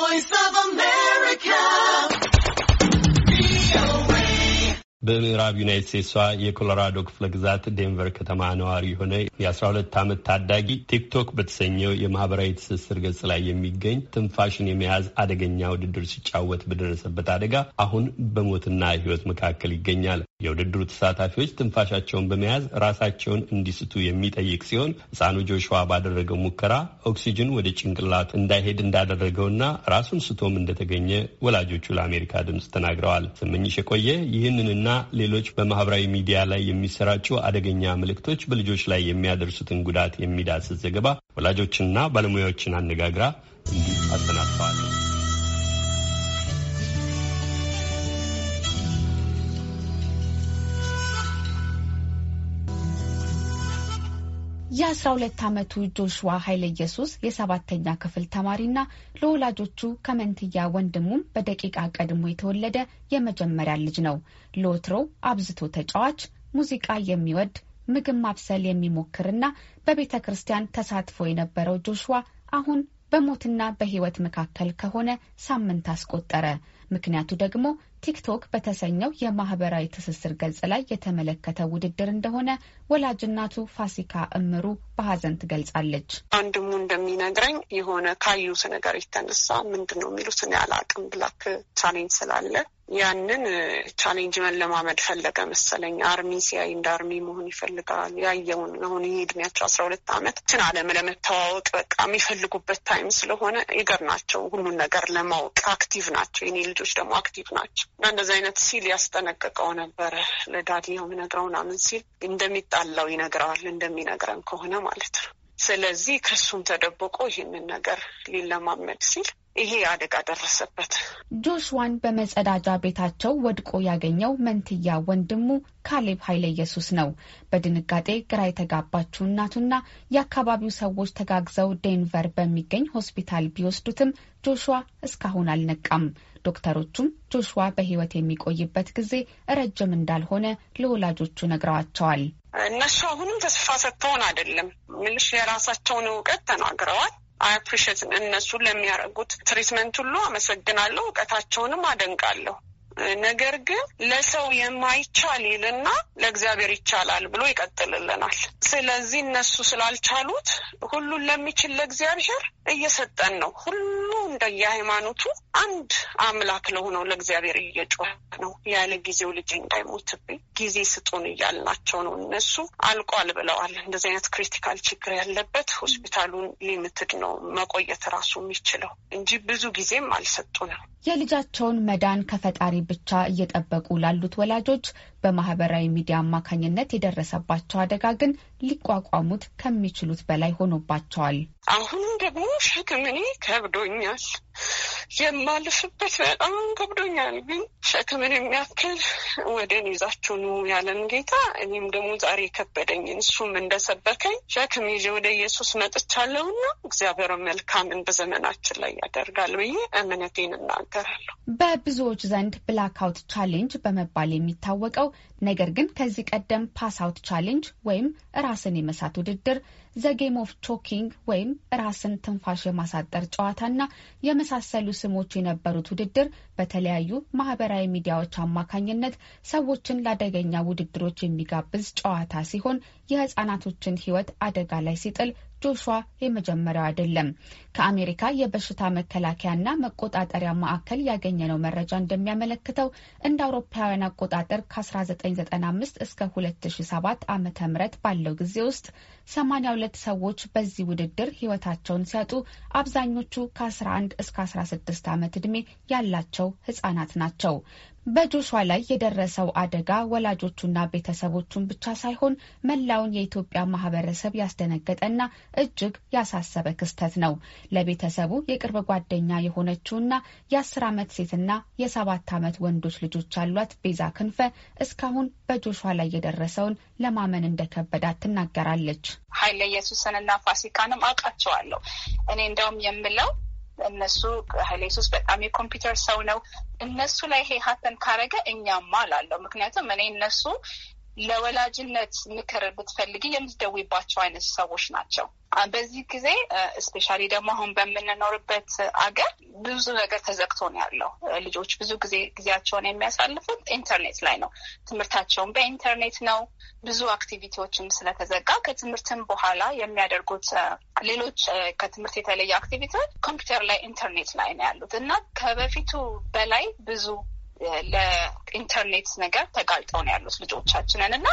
voice of America. በምዕራብ ዩናይት ስቴትሷ የኮሎራዶ ክፍለ ግዛት ዴንቨር ከተማ ነዋሪ የሆነ የ12 ዓመት ታዳጊ ቲክቶክ በተሰኘው የማህበራዊ ትስስር ገጽ ላይ የሚገኝ ትንፋሽን የመያዝ አደገኛ ውድድር ሲጫወት በደረሰበት አደጋ አሁን በሞትና ሕይወት መካከል ይገኛል። የውድድሩ ተሳታፊዎች ትንፋሻቸውን በመያዝ ራሳቸውን እንዲስቱ የሚጠይቅ ሲሆን ህፃኑ ጆሹዋ ባደረገው ሙከራ ኦክሲጅን ወደ ጭንቅላቱ እንዳይሄድ እንዳደረገውና ራሱን ስቶም እንደተገኘ ወላጆቹ ለአሜሪካ ድምፅ ተናግረዋል። ስመኝሽ የቆየ ይህንንና ሌሎች በማህበራዊ ሚዲያ ላይ የሚሰራጩ አደገኛ ምልክቶች በልጆች ላይ የሚያደርሱትን ጉዳት የሚዳስስ ዘገባ ወላጆችንና ባለሙያዎችን አነጋግራ እንዲህ አሰናድተዋል። የ12 ዓመቱ ጆሹዋ ኃይለ ኢየሱስ የሰባተኛ ክፍል ተማሪና ለወላጆቹ ከመንትያ ወንድሙም በደቂቃ ቀድሞ የተወለደ የመጀመሪያ ልጅ ነው። ሎትሮ አብዝቶ ተጫዋች፣ ሙዚቃ የሚወድ ምግብ ማብሰል የሚሞክርና በቤተ ክርስቲያን ተሳትፎ የነበረው ጆሹዋ አሁን በሞትና በሕይወት መካከል ከሆነ ሳምንት አስቆጠረ። ምክንያቱ ደግሞ ቲክቶክ በተሰኘው የማህበራዊ ትስስር ገጽ ላይ የተመለከተ ውድድር እንደሆነ ወላጅናቱ ፋሲካ እምሩ በሀዘን ትገልጻለች። አንድሙ እንደሚነግረኝ የሆነ ካዩት ነገር የተነሳ ምንድን ነው የሚሉት እኔ አላቅም ብላክ ቻሌንጅ ስላለ ያንን ቻሌንጅ መለማመድ ፈለገ መሰለኝ። አርሚ ሲያይ እንደ አርሚ መሆን ይፈልጋል። ያየውን አሁን ይህ እድሜያቸው አስራ ሁለት ዓመት ችን አለም ለመተዋወቅ በቃ የሚፈልጉበት ታይም ስለሆነ ይገር ናቸው። ሁሉን ነገር ለማወቅ አክቲቭ ናቸው። የኔ ልጆች ደግሞ አክቲቭ ናቸው እና እንደዚህ አይነት ሲል ያስጠነቀቀው ነበረ። ለዳዲ የምነግረው ምናምን ሲል እንደሚጣላው ይነግረዋል፣ እንደሚነግረን ከሆነ ማለት ነው። ስለዚህ ከሱም ተደብቆ ይህንን ነገር ሊለማመድ ሲል ይሄ አደጋ ደረሰበት። ጆሽዋን በመጸዳጃ ቤታቸው ወድቆ ያገኘው መንትያ ወንድሙ ካሌብ ኃይለ ኢየሱስ ነው። በድንጋጤ ግራ የተጋባችው እናቱና የአካባቢው ሰዎች ተጋግዘው ዴንቨር በሚገኝ ሆስፒታል ቢወስዱትም ጆሹዋ እስካሁን አልነቃም። ዶክተሮቹም ጆሹዋ በሕይወት የሚቆይበት ጊዜ ረጅም እንዳልሆነ ለወላጆቹ ነግረዋቸዋል። እነሱ አሁንም ተስፋ ሰጥተውን አይደለም ምልሽ የራሳቸውን እውቀት ተናግረዋል አፕሪሽት እነሱ ለሚያደርጉት ትሪትመንት ሁሉ አመሰግናለሁ፣ እውቀታቸውንም አደንቃለሁ። ነገር ግን ለሰው የማይቻል ይልና ለእግዚአብሔር ይቻላል ብሎ ይቀጥልልናል። ስለዚህ እነሱ ስላልቻሉት ሁሉን ለሚችል ለእግዚአብሔር እየሰጠን ነው ሁሉ እንደየሃይማኖቱ አንድ አምላክ ለሆነው ለእግዚአብሔር እየጮ ነው። ያለ ጊዜው ልጅ እንዳይሞትብኝ ጊዜ ስጡን እያልናቸው ነው። እነሱ አልቋል ብለዋል። እንደዚህ አይነት ክሪቲካል ችግር ያለበት ሆስፒታሉን ሊምትድ ነው መቆየት ራሱ የሚችለው እንጂ ብዙ ጊዜም አልሰጡንም። የልጃቸውን መዳን ከፈጣሪ ብቻ እየጠበቁ ላሉት ወላጆች በማህበራዊ ሚዲያ አማካኝነት የደረሰባቸው አደጋ ግን ሊቋቋሙት ከሚችሉት በላይ ሆኖባቸዋል። አሁንም ደግሞ ሸክም እኔ ከብዶኛል Peace. የማልፍበት በጣም ከብዶኛል። ግን ሸክምን የሚያክል ወደን ይዛችሁ ኑ ያለን ጌታ እኔም ደግሞ ዛሬ ከበደኝ። እሱም እንደሰበከኝ ሸክም ይዤ ወደ ኢየሱስ መጥቻለሁና እግዚአብሔር መልካምን በዘመናችን ላይ ያደርጋል ብዬ እምነቴን እናገራለሁ። በብዙዎች ዘንድ ብላክአውት ቻሌንጅ በመባል የሚታወቀው ነገር ግን ከዚህ ቀደም ፓስአውት ቻሌንጅ ወይም ራስን የመሳት ውድድር፣ ዘጌም ኦፍ ቾኪንግ ወይም ራስን ትንፋሽ የማሳጠር ጨዋታና የመሳሰሉ ስሞች የነበሩት ውድድር በተለያዩ ማህበራዊ ሚዲያዎች አማካኝነት ሰዎችን ለአደገኛ ውድድሮች የሚጋብዝ ጨዋታ ሲሆን የህጻናቶችን ህይወት አደጋ ላይ ሲጥል ጆሹዋ የመጀመሪያው አይደለም። ከአሜሪካ የበሽታ መከላከያና መቆጣጠሪያ ማዕከል ያገኘነው መረጃ እንደሚያመለክተው እንደ አውሮፓውያን አቆጣጠር ከ1995 እስከ 2007 ዓ ም ባለው ጊዜ ውስጥ 82 ሰዎች በዚህ ውድድር ህይወታቸውን ሲያጡ አብዛኞቹ ከ11 እስከ 16 ዓመት ዕድሜ ያላቸው ህጻናት ናቸው። በጆሿ ላይ የደረሰው አደጋ ወላጆቹና ቤተሰቦቹን ብቻ ሳይሆን መላውን የኢትዮጵያ ማህበረሰብ ያስደነገጠና እጅግ ያሳሰበ ክስተት ነው። ለቤተሰቡ የቅርብ ጓደኛ የሆነችውና የአስር ዓመት ሴትና የሰባት ዓመት ወንዶች ልጆች ያሏት ቤዛ ክንፈ እስካሁን በጆሿ ላይ የደረሰውን ለማመን እንደከበዳት ትናገራለች። ኃይለ ኢየሱስንና ፋሲካንም አውቃቸዋለሁ። እኔ እንደውም የምለው እነሱ ኃይለ ኢየሱስ በጣም የኮምፒውተር ሰው ነው። እነሱ ላይ ይሄ ሀተን ካረገ እኛማ አላለሁ። ምክንያቱም እኔ እነሱ ለወላጅነት ምክር ብትፈልጊ የምትደውይባቸው አይነት ሰዎች ናቸው። በዚህ ጊዜ እስፔሻሊ ደግሞ አሁን በምንኖርበት አገር ብዙ ነገር ተዘግቶ ነው ያለው። ልጆች ብዙ ጊዜ ጊዜያቸውን የሚያሳልፉት ኢንተርኔት ላይ ነው። ትምህርታቸውን በኢንተርኔት ነው። ብዙ አክቲቪቲዎችም ስለተዘጋ ከትምህርትም በኋላ የሚያደርጉት ሌሎች ከትምህርት የተለየ አክቲቪቲዎች ኮምፒውተር ላይ ኢንተርኔት ላይ ነው ያሉት እና ከበፊቱ በላይ ብዙ ለኢንተርኔት ነገር ተጋልጠው ነው ያሉት ልጆቻችንን እና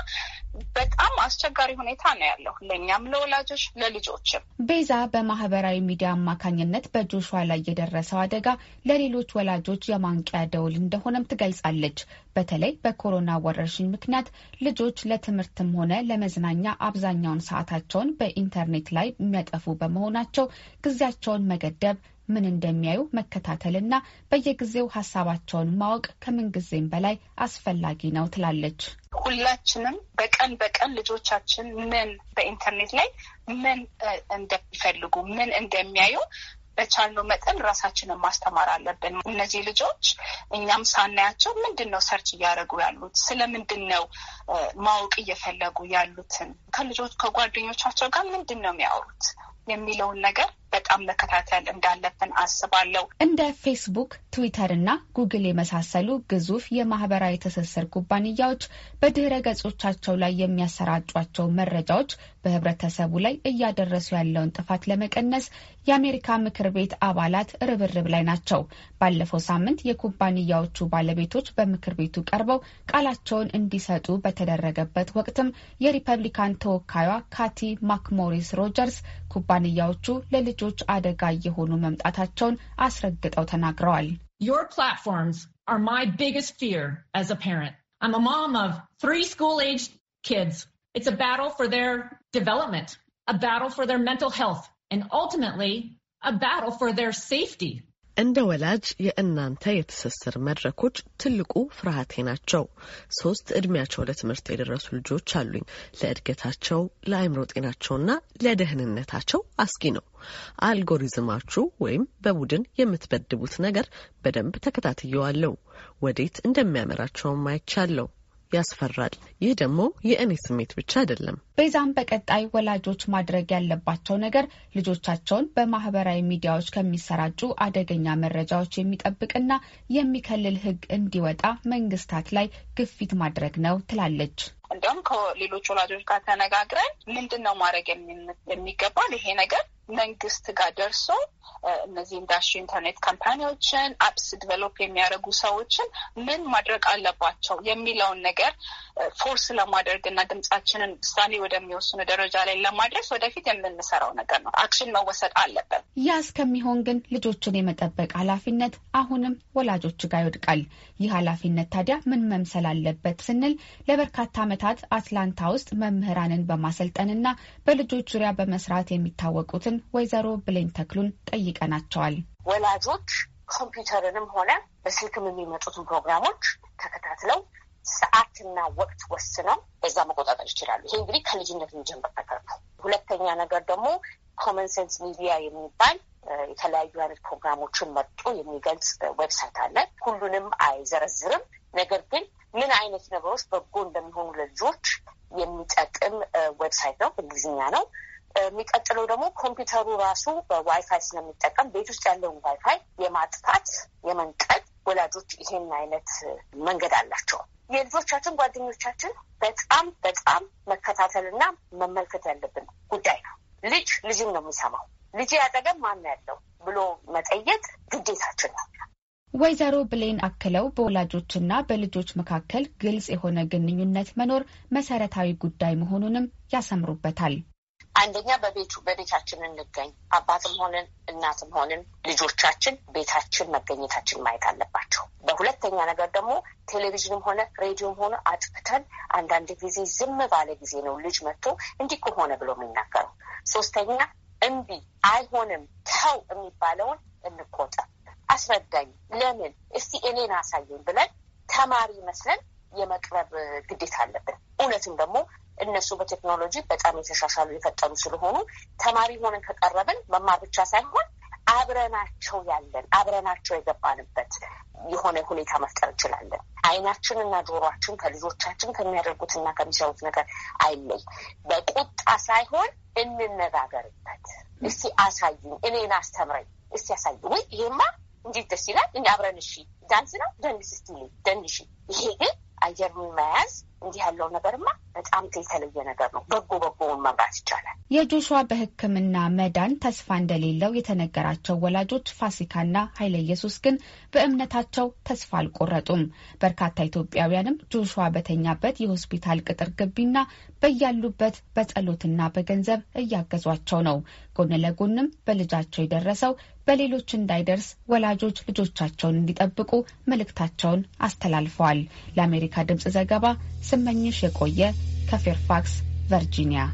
በጣም አስቸጋሪ ሁኔታ ነው ያለው ለእኛም ለወላጆች ለልጆችም። ቤዛ በማህበራዊ ሚዲያ አማካኝነት በጆሹዋ ላይ የደረሰው አደጋ ለሌሎች ወላጆች የማንቂያ ደውል እንደሆነም ትገልጻለች። በተለይ በኮሮና ወረርሽኝ ምክንያት ልጆች ለትምህርትም ሆነ ለመዝናኛ አብዛኛውን ሰዓታቸውን በኢንተርኔት ላይ የሚያጠፉ በመሆናቸው ጊዜያቸውን መገደብ ምን እንደሚያዩ መከታተልና በየጊዜው ሀሳባቸውን ማወቅ ከምንጊዜም በላይ አስፈላጊ ነው ትላለች። ሁላችንም በቀን በቀን ልጆቻችን ምን በኢንተርኔት ላይ ምን እንደሚፈልጉ ምን እንደሚያዩ በቻልነው መጠን ራሳችንን ማስተማር አለብን። እነዚህ ልጆች እኛም ሳናያቸው ምንድን ነው ሰርች እያደረጉ ያሉት ስለምንድን ነው ማወቅ እየፈለጉ ያሉትን ከልጆች ከጓደኞቻቸው ጋር ምንድን ነው የሚያወሩት የሚለውን ነገር በጣም መከታተል እንዳለብን አስባለሁ። እንደ ፌስቡክ፣ ትዊተር እና ጉግል የመሳሰሉ ግዙፍ የማህበራዊ ትስስር ኩባንያዎች በድህረ ገጾቻቸው ላይ የሚያሰራጯቸው መረጃዎች በህብረተሰቡ ላይ እያደረሱ ያለውን ጥፋት ለመቀነስ የአሜሪካ ምክር ቤት አባላት ርብርብ ላይ ናቸው። ባለፈው ሳምንት የኩባንያዎቹ ባለቤቶች በምክር ቤቱ ቀርበው ቃላቸውን እንዲሰጡ በተደረገበት ወቅትም የሪፐብሊካን ተወካዩ ካቲ ማክሞሪስ ሮጀርስ ኩባንያዎቹ ለልጆች አደጋ እየሆኑ መምጣታቸውን አስረግጠው ተናግረዋል። Your platforms are my biggest fear as a parent. I'm a mom of three school-aged kids. It's a battle for their development, a battle for their mental health, and ultimately a battle for their safety. እንደ ወላጅ የእናንተ የትስስር መድረኮች ትልቁ ፍርሃቴ ናቸው። ሶስት እድሜያቸው ለትምህርት የደረሱ ልጆች አሉኝ። ለእድገታቸው፣ ለአእምሮ ጤናቸውና ለደህንነታቸው አስጊ ነው። አልጎሪዝማችሁ ወይም በቡድን የምትበድቡት ነገር በደንብ ተከታትየዋለሁ። ወዴት እንደሚያመራቸውም አይቻለሁ። ያስፈራል። ይህ ደግሞ የእኔ ስሜት ብቻ አይደለም። ቤዛም በቀጣይ ወላጆች ማድረግ ያለባቸው ነገር ልጆቻቸውን በማህበራዊ ሚዲያዎች ከሚሰራጩ አደገኛ መረጃዎች የሚጠብቅና የሚከልል ሕግ እንዲወጣ መንግስታት ላይ ግፊት ማድረግ ነው ትላለች። እንዲሁም ከሌሎች ወላጆች ጋር ተነጋግረን ምንድን ነው ማድረግ የሚገባል ይሄ ነገር መንግስት ጋር ደርሶ እነዚህ ኢንዱስትሪ ኢንተርኔት ካምፓኒዎችን አፕስ ዲቨሎፕ የሚያደርጉ ሰዎችን ምን ማድረግ አለባቸው የሚለውን ነገር ፎርስ ለማድረግ እና ድምጻችንን ውሳኔ ወደሚወስኑ ደረጃ ላይ ለማድረስ ወደፊት የምንሰራው ነገር ነው። አክሽን መወሰድ አለበት። ያ እስከሚሆን ግን ልጆችን የመጠበቅ ኃላፊነት አሁንም ወላጆች ጋር ይወድቃል። ይህ ኃላፊነት ታዲያ ምን መምሰል አለበት ስንል ለበርካታ ዓመታት አትላንታ ውስጥ መምህራንን በማሰልጠንና በልጆች ዙሪያ በመስራት የሚታወቁትን ወይዘሮ ብሌን ተክሉን ጠይቀናቸዋል። ወላጆች ኮምፒውተርንም ሆነ በስልክም የሚመጡትን ፕሮግራሞች ተከታትለው ሰዓትና ወቅት ወስነው በዛ መቆጣጠር ይችላሉ። ይሄ እንግዲህ ከልጅነት የሚጀምር ነገር ነው። ሁለተኛ ነገር ደግሞ ኮመን ሴንስ ሚዲያ የሚባል የተለያዩ አይነት ፕሮግራሞችን መርጦ የሚገልጽ ዌብሳይት አለ። ሁሉንም አይዘረዝርም። ነገር ግን ምን አይነት ነገሮች በጎ እንደሚሆኑ ለልጆች የሚጠቅም ዌብሳይት ነው። በእንግሊዝኛ ነው። የሚቀጥለው ደግሞ ኮምፒውተሩ ራሱ በዋይፋይ ስለሚጠቀም ቤት ውስጥ ያለውን ዋይፋይ የማጥፋት የመንቀል ወላጆች ይሄን አይነት መንገድ አላቸው። የልጆቻችን ጓደኞቻችን በጣም በጣም መከታተልና መመልከት ያለብን ጉዳይ ነው። ልጅ ልጅን ነው የሚሰማው። ልጅ ያጠገብ ማን ያለው ብሎ መጠየቅ ግዴታችን ነው። ወይዘሮ ብሌን አክለው በወላጆችና በልጆች መካከል ግልጽ የሆነ ግንኙነት መኖር መሰረታዊ ጉዳይ መሆኑንም ያሰምሩበታል። አንደኛ በቤቱ በቤታችን እንገኝ። አባትም ሆንን እናትም ሆንን ልጆቻችን ቤታችን መገኘታችን ማየት አለባቸው። በሁለተኛ ነገር ደግሞ ቴሌቪዥንም ሆነ ሬዲዮም ሆነ አጥፍተን አንዳንድ ጊዜ ዝም ባለ ጊዜ ነው ልጅ መጥቶ እንዲህ ከሆነ ሆነ ብሎ የሚናገረው። ሶስተኛ እምቢ፣ አይሆንም፣ ተው የሚባለውን እንቆጠብ። አስረዳኝ፣ ለምን እስቲ እኔን አሳየኝ ብለን ተማሪ መስለን የመቅረብ ግዴታ አለብን። እውነትም ደግሞ እነሱ በቴክኖሎጂ በጣም የተሻሻሉ የፈጠኑ ስለሆኑ ተማሪ ሆነን ከቀረብን መማር ብቻ ሳይሆን አብረናቸው ያለን አብረናቸው የገባንበት የሆነ ሁኔታ መፍጠር እንችላለን። አይናችን እና ጆሯችን ከልጆቻችን ከሚያደርጉት እና ከሚሰሩት ነገር አይለይ። በቁጣ ሳይሆን እንነጋገርበት። እስቲ አሳይኝ፣ እኔን አስተምረኝ፣ እስቲ አሳይ። ወይ ይሄማ እንዴት ደስ ይላል! እንዲ አብረን እሺ፣ ዳንስ ነው ደንስ፣ እስቲ ደንሽ። ይሄ ግን አየር መያዝ እንዲህ ያለው ነገርማ በጣም የተለየ ነገር ነው። በጎ በጎውን መምራት ይቻላል። የጆሹዋ በሕክምና መዳን ተስፋ እንደሌለው የተነገራቸው ወላጆች ፋሲካና ኃይለ ኢየሱስ ግን በእምነታቸው ተስፋ አልቆረጡም። በርካታ ኢትዮጵያውያንም ጆሹዋ በተኛበት የሆስፒታል ቅጥር ግቢና በያሉበት በጸሎትና በገንዘብ እያገዟቸው ነው። ጎን ለጎንም በልጃቸው የደረሰው በሌሎች እንዳይደርስ ወላጆች ልጆቻቸውን እንዲጠብቁ መልእክታቸውን አስተላልፈዋል። ለአሜሪካ ድምጽ ዘገባ ስመኝሽ የቆየ ከፌርፋክስ ቨርጂኒያ